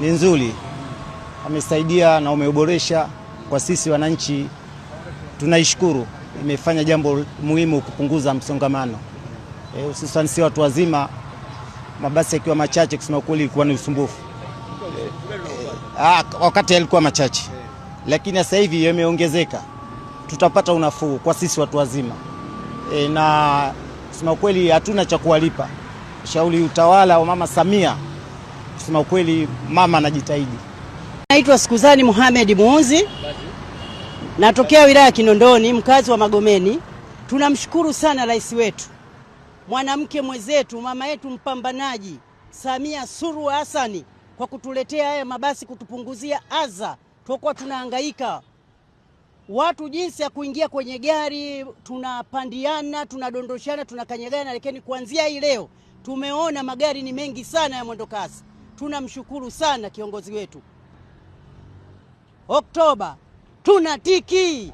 ni nzuri, amesaidia na umeboresha kwa sisi wananchi, tunaishukuru. Imefanya jambo muhimu kupunguza msongamano e, hususan si watu wazima, mabasi yakiwa machache, kusema kweli ilikuwa ni usumbufu e, ah, wakati yalikuwa machache, lakini sasa hivi yameongezeka, tutapata unafuu kwa sisi watu wazima e, na kusema kweli hatuna cha kuwalipa. Shauri utawala wa Mama Samia kusema ukweli, mama anajitahidi. Naitwa Sikuzani Muhamed Muuzi, natokea wilaya ya Kinondoni, mkazi wa Magomeni. Tunamshukuru sana rais wetu, mwanamke mwenzetu, mama yetu mpambanaji Samia Suluhu Hassan kwa kutuletea haya mabasi, kutupunguzia adha. Tulikuwa tunahangaika watu jinsi ya kuingia kwenye gari, tunapandiana, tunadondoshana, tunakanyagana, lakini kuanzia hii leo tumeona magari ni mengi sana ya mwendokasi tunamshukuru sana kiongozi wetu. Oktoba tunatiki.